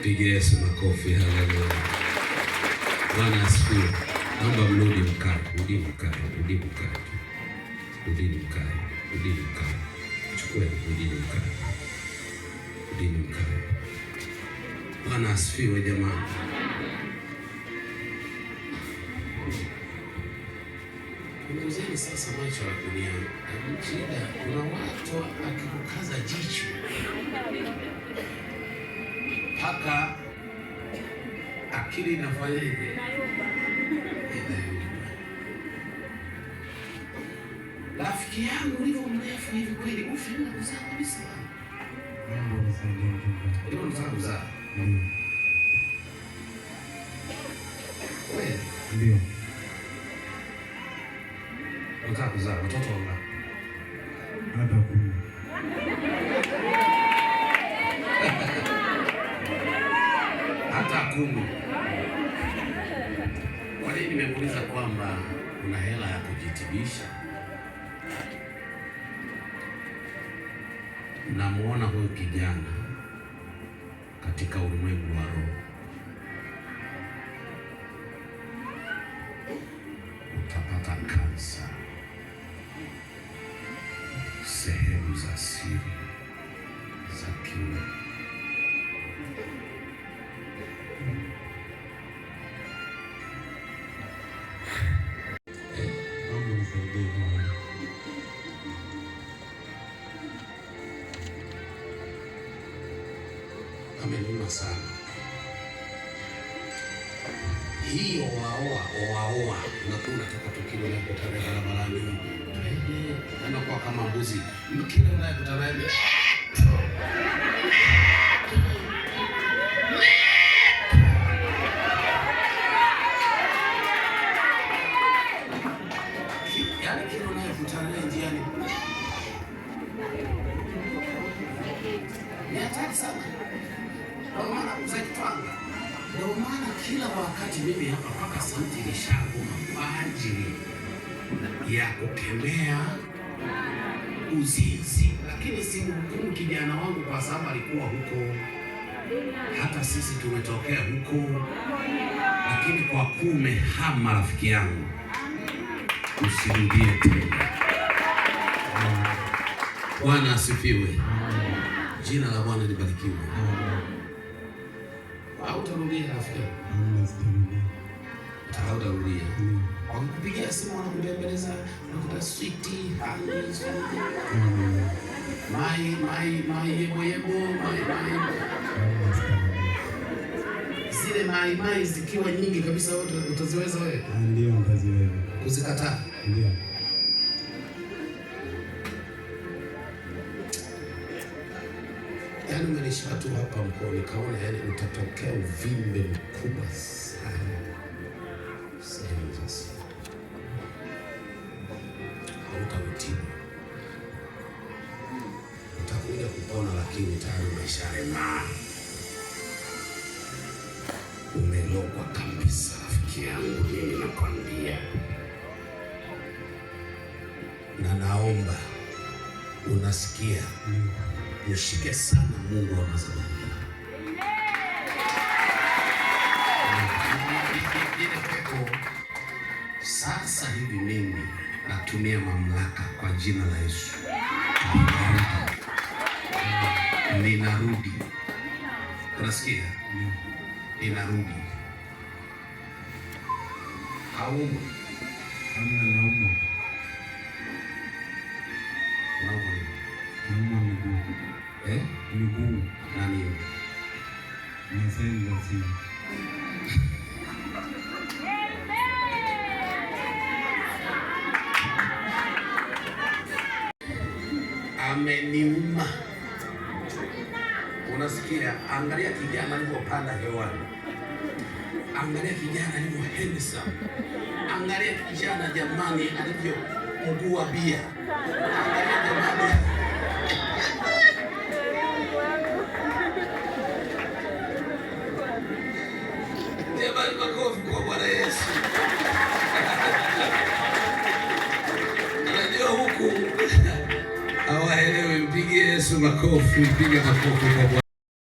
Pigia Yesu makofi, haleluya. Bwana asifiwe. Naomba mrudi mkae, rudi mkae, rudi mkae, rudi mkae, rudi mkae, chukua rudi mkae, rudi mkae. Bwana asifiwe jamani. Unauzeni sasa macho ya dunia na kuna watu akikukaza jicho mpaka akili inafanyaje? Rafiki yangu ulivyo mrefu hivi kweli, ufi na kuzaa kabisa. ndio. Unataka kuzaa watoto wangapi? Hata kumi. majukumu. Kwa nini nimekuuliza kwamba kuna hela ya kujitibisha? Namuona huyu kijana katika ulimwengu wa roho ameliwa sana. Hii oaoa oaoa, na tu nataka tukio la kutana barabarani, eh, eh, anakuwa kama mbuzi mkile naye kutana kupanga. Ndio maana kila wakati mimi hapa mpaka sauti nishagoma kwa ajili ya kukemea uzinzi, lakini simhukumu kijana wangu kwa sababu alikuwa huko, hata sisi tumetokea huko, lakini kwa kume hama, rafiki yangu, usirudie tena. Bwana asifiwe, jina la Bwana libarikiwe hautarudia rafiki hautarudia simu wanakutembeleza unakuta switi mai mai mai yebo yebo mai mai zile mai mai zikiwa nyingi kabisa, wote utaziweza wewe? Ndio, kuzikataa. Ndio. yenu yalishatu yaani hapa mkoa, nikaona yani utatokea uvimbe mkubwa sana sehemu za siri, hautautibu utakuja kupona, lakini tayari umesharemaa, umelogwa kabisa. Rafiki yangu, mimi nakwambia na naomba unasikia mm. Mshike sana Mungu wa madhabahu. sasa hivi mimi natumia mamlaka kwa jina la Yesu, ninarudi. Unasikia? Ninarudi. Aumwe miguu na nini na sehemu za chini. Ameniuma, unasikia? Angalia kijana alivyopanda hewani, angalia kijana alivyo handsome, angalia kijana jamani, alivyo mguu wa bia, angalia jamani знаков, слепи я на кухне